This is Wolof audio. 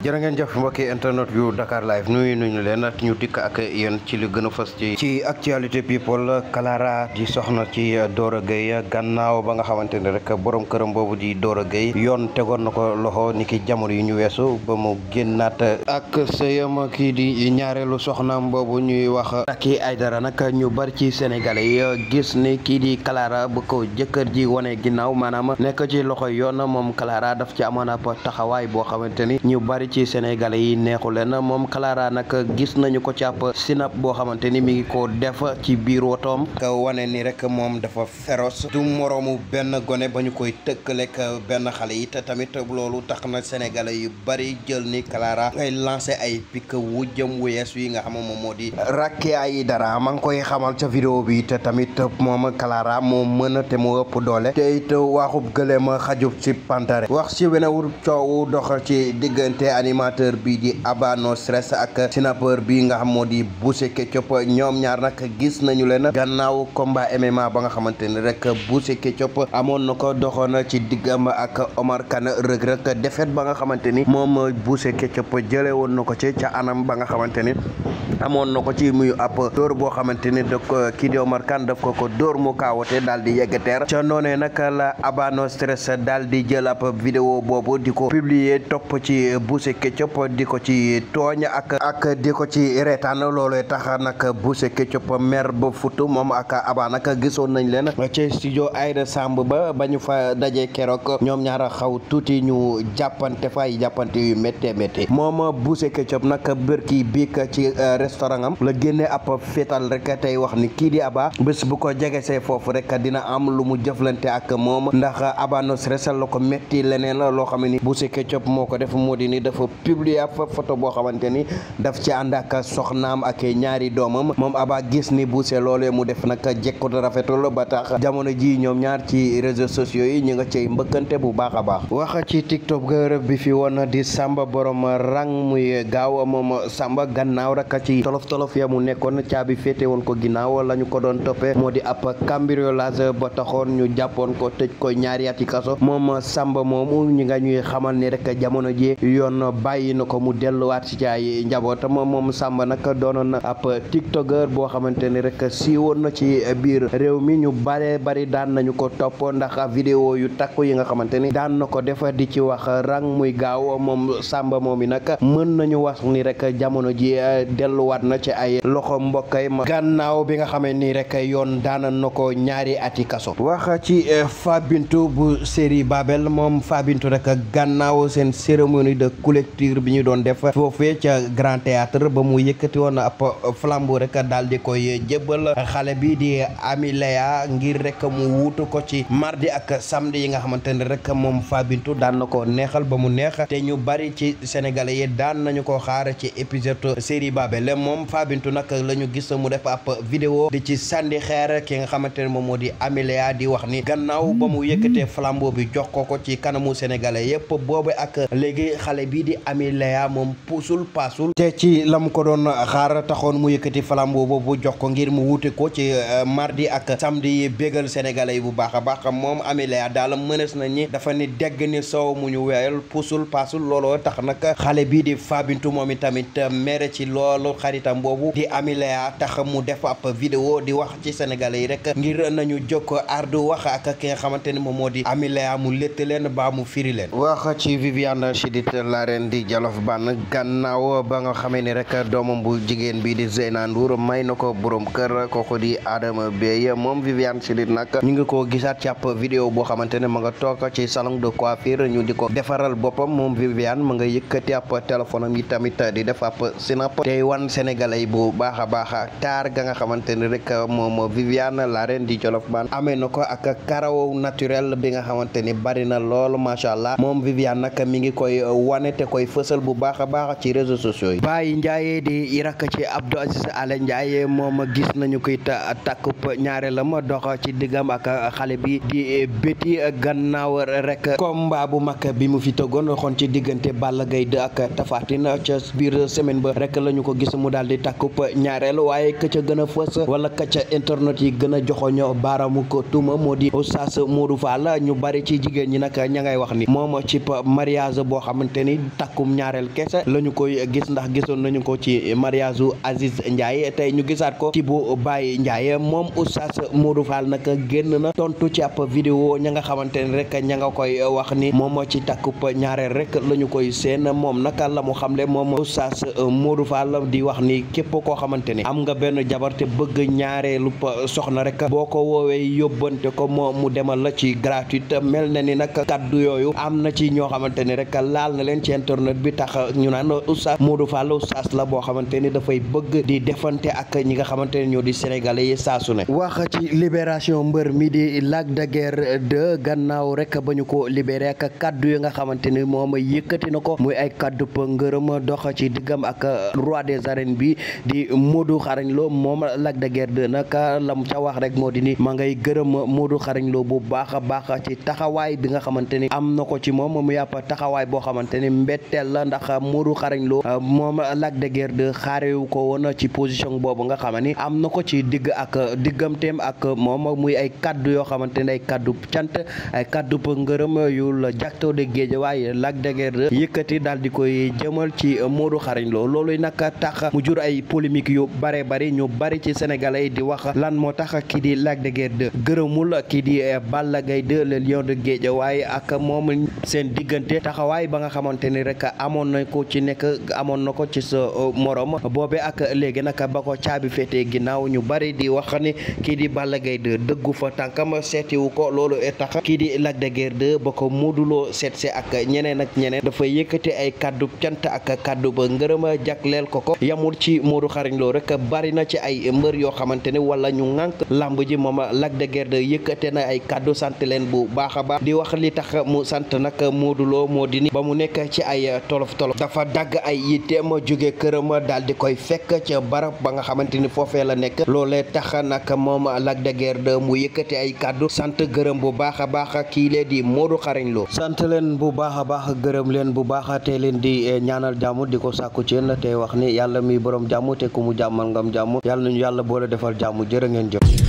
jërë ngeen jëf mbokki internet yu Dakar live nu ñu leen ñu dikk ak yéen ci li gën a fës ci. ci actualité people Clara di soxna ci Dora Gueye gannaaw ba nga xamante ne rek borom këram boobu di doora Gueye yoon tegoon na ko loxo ni ki jamono yu ñu weesu ba mu génnaat ak sëyam kii di ñaareelu soxnaam mboobu ñuy wax. ak Taki Aidara nag ñu bari ci Sénégalais yi gis ni kii di Clara bu ko jëkkër ji wane ginnaaw maanaam nekk ci loxo yoon moom Clara daf ci amoon taxawaay boo xamante ci sénégalais yi neexu leen moom Clara nag gis nañu ko ci ab sinap boo xamante ni mu ngi ko def ci biir wotoom ka wane ni rek moom dafa féroce du moroomu benn gone ba ñu koy tëkkalek benn xale yi te tamit loolu tax na sénégalais yu bari jël ni Clara ngay lancé ay pic wu jëm wu yees yi nga xam moom moo di Racky Aïdara maa ngi koy xamal ca vidéo bi te tamit moom Clara moom mën a te mu ëpp doole te it waxub gëléem xajub ci pantare wax ci wenewul animateur bi di Abba Stress ak sinapeur bi nga xam moo di Boucher Ketchup ñoom ñaar nag gis nañu leen gannaaw combat MMA ba nga xamante ni rek Boucher Ketchup amoon na ko doxoon ci diggam ak Omar Kane Reug Reug défaite ba nga xamante ni moom Boucher Ketchup jëlee woon na ko ci ca anam ba nga xamante ni amoon na ko ci muy ab dóor boo xamante ni da ko kii di Omar Kane daf ko ko dóor mu kaawate dal di yegg teer ca noonee nag la Abba Stress daal di jël ab vidéo boobu di Boucher Ketchup di ko ci tooñ ak ak di ko ci reetaan loolee tax nag Boucher Ketchup mer ba futu moom ak Aba nag gisoon nañ leen ci studio Aïda Samb ba ba ñu fa dajee keroog ñoom ñaara xaw tuuti ñu jàppante fa ay jàppante yu méttee méttee moom Boucher Ketchup nag bërki biik ci euh, restaurant am la génne ab fétal rek tey wax ni kii di Aba bés bu ko jegesee foofu rek dina am lu mu jëflante ak moom ndax Aba no stressal la ko métti leneen loo xam ni Boucher dafa publier fa photo boo xamante ni daf ci ànd ak soxnaam ak ñaari doomam moom Aba gis ni Boucher loolee mu def nag jekkut rafetul ba tax jamono ji ñoom ñaar ci réseaux sociaux yi ñu nga cay mbëkkante bu baax a baax wax ci tiktok gërëb bi fi woon di Samba borom rang muy gaaw moom Samba gannaaw rek ci tolof tolof ya mu nekkoon caabi féete woon ko ginnaaw la ko doon toppee moo di ab cambriolage ba taxoon ñu jàppoon ko tëj ko ñaari ati kaso bàyyi na ko mu delluwaat ci ay njabootam moom Samba nag doonoon na ab tiktokeur boo xamante ni rek siiwoon na ci biir réew mi ñu bare bari daan na ko topp ndax vidéo yu takku yi nga xamante ni daan na ko def di ci wax rang muy gaaw moom Samba moom mi nag mën nañu wax ni rek jamono ji delluwaat na ci ay loxo mbokkay ma gannaaw bi nga xamee ni rek yoon daana na ko ñaari ati kaso wax ci eh, Fabintu bu série Babel moom Fabintu rek gannaaw seen lecture bi ñu doon def foofee ca grand théâtre ba mu yëkkati woon ab flambeau rek daal di koy jébbal xale bi di Amy Léa ngir rek mu wuutu ko ci mardi ak samedi yi nga xamante ne rek moom Fabintu daan na ko neexal ba mu neex ñu bari ci sénégalais yi daan nañu ko xaar ci épisode série Babel moom Fabintu nag la ñu gis mu def ab vidéo di ci sànni xeer ki nga xamante ne moom moo di Amy Léa di wax ni gannaaw ba mu yëkkatee flambeau bi jox ko ko ci kanamu sénégalais yëpp boobu ak léegi xale bi di Amy Léa moom puusul paasul te ci la mu ko doon xaar taxoon mu yëkkati flambeau boobu jox ko ngir mu wuute ko ci euh, mardi ak samedi bégal sénégalais yi bu baax a baax moom Amy Léa daal mënees na ñi dafa ni dégg ni soow mu ñu weyal puusul paasul looloo tax nag xale bii di Fabintu moom tamit mere ci loolu xaritam boobu di Amy tax mu def ab vidéo di wax ci sénégalais yi rek ngir nañu jokk ardu wax ak ki nga xamante ni moom moo di Amy mu létt leen ren di Jolof Ban gannaaw a nga xamee ni rek doomam bu jigéen bi di Zeyna Ndour may na ko borom kër kooku di Adama Bey moom Viviane Chidid nag ñu ngi ko gisaat ci ab vidéo boo xamante ne ma nga toog ci salon de coiffure ñu di ko defaral boppam moom Viviane ma nga yëkkati ab téléphone am yi tamit di def ab sinap tey wan sénégalais bu baax a taar ga nga xamante ni rek moom Viviane la ren di Jolof Ban amee na ko ak karaw naturel bi nga xamante na lool macha allah moom Viviane nag mi ngi koy te koy fësal bu baax a baax ci réseaux sociaux yi Baye Ndiaye di rakk ci Abdou Aziz Ala Ndiaye moom a gis nañu koy takku ma dox ci diggam ak xale bi di béti gannaaw rek mbaa bu mag bi mu fi tëggoon waxoon ci diggante Balla Gaye 2 ak Tapha Tine ca biir semaine ba rek lañu ko gis mu daal di takku ñaareel waaye ka ca gën a fës wala ka ca internet yi gën a joxoño baaraamu ko tuuma moo di Oustaz Modou Fall ñu bari ci jigéen ñi nag ña ngay wax boo xamante takkum ñaareel kese la ñu koy gis ndax gisoon nañu ko ci mariage u Aziz Ndiaye tey ñu gisaat ko ci bu Baye Ndiaye moom oustaz Modou Fall nag génn na tontu ci ab vidéo ña nga xamante ne rek ña nga koy wax ni moom ci takkub ñaareel rek la ñu koy seen moom naka la mu xamle moom oustaz Modou Fall di wax ni képp koo xamante ni am nga benn jabar te bëgg ñaareelu soxna rek boo ko woowee yóbbante ko moom mu demal la ci gratuite mel na ni nag kaddu yooyu am na ci ñoo xamante rek laal na leen ci internet bi tax ñu naan oustaz Modou Fall oustaz la boo xamante ni dafay bëgg di defante ak ñi nga xamante ne ñoo di sénégalais yi saasu ne wax ci libération mbër mi di Lac de gannaaw rek ba ñu ko libéré ak kaddu yi nga xamante ni moom yëkkati na ko muy ay kaddu pa ngërëm dox ci diggam ak roi des arènes bi di Modou Xarañ Lo moom Lac de Guiers nag la mu ca wax rek moo di ni ma ngay gërëm Modou Xarañ Lo bu baax a baax ci taxawaay bi nga xamante am na ko ci moom mbetteel la ndax Modou xarañ loo euh, moom Lac de Guiers 2 xaarewu ko woon ci position boobu nga xam ni am na ko ci digg ak diggamteem ak moom muy ay kaddu yoo xamante ne ay kaddu cant ay kaddu ngërëm yu la jagtoo de géej waaye Lac de Guiers 2 yëkkati daal di koy jëmal ci Modou xarañ loo loolu nag tax mu jur ay polémique yu bare bari ñu bari ci sénégal sénégalais di wax lan moo tax kii di Lac de Guiers gërëmul kii di euh, Balla Gaye 2 le lion de Guédiawaye ak moom seen ni amoon na ko ci nekk amoon na ko ci sa uh, morom boobe ak léegi nag ba ko caabi féetee ginnaaw ñu bari di wax ni kii di Balla Gaye 2 dëggu fa tànkam seetiwu ko loolu e tax kii di Lac de Guiers 2 ba ko mooduloo seetse ak ñeneen ak ñeneen dafa yëkkati ay kàddu cant ak kàddu ba ngërëm jagleel ko ko yamul ci Modou Xarañ Lo rek bari na ci ay mbër yoo xamante ne wala ñu ŋànk làmb ji moom Lac de Guiers 2 yëkkate na ay kàddu sant leen bu baax a baax di mu sant nag mooduloo ay eh, tolof tolof dafa dagg ay yitteem jóge kërama daal di koy fekk ca barab ba nga xamante ni foofee la nekk loolee tax nag moom a de Guiers 2 mu yëkkati ay kàddu sant gërëm bu baax a baax kii lee di Modou Xarañ Lo sant leen bu baax a baax gërëm leen bu baax te leen di eh, ñaanal jàmm di ko sàkku ci yéen te wax ni yàlla mi borom jàmm te ku mu jàmmal ngam jàmm yàlla nañu yàlla boole defal jàmm jërë ngeen jëf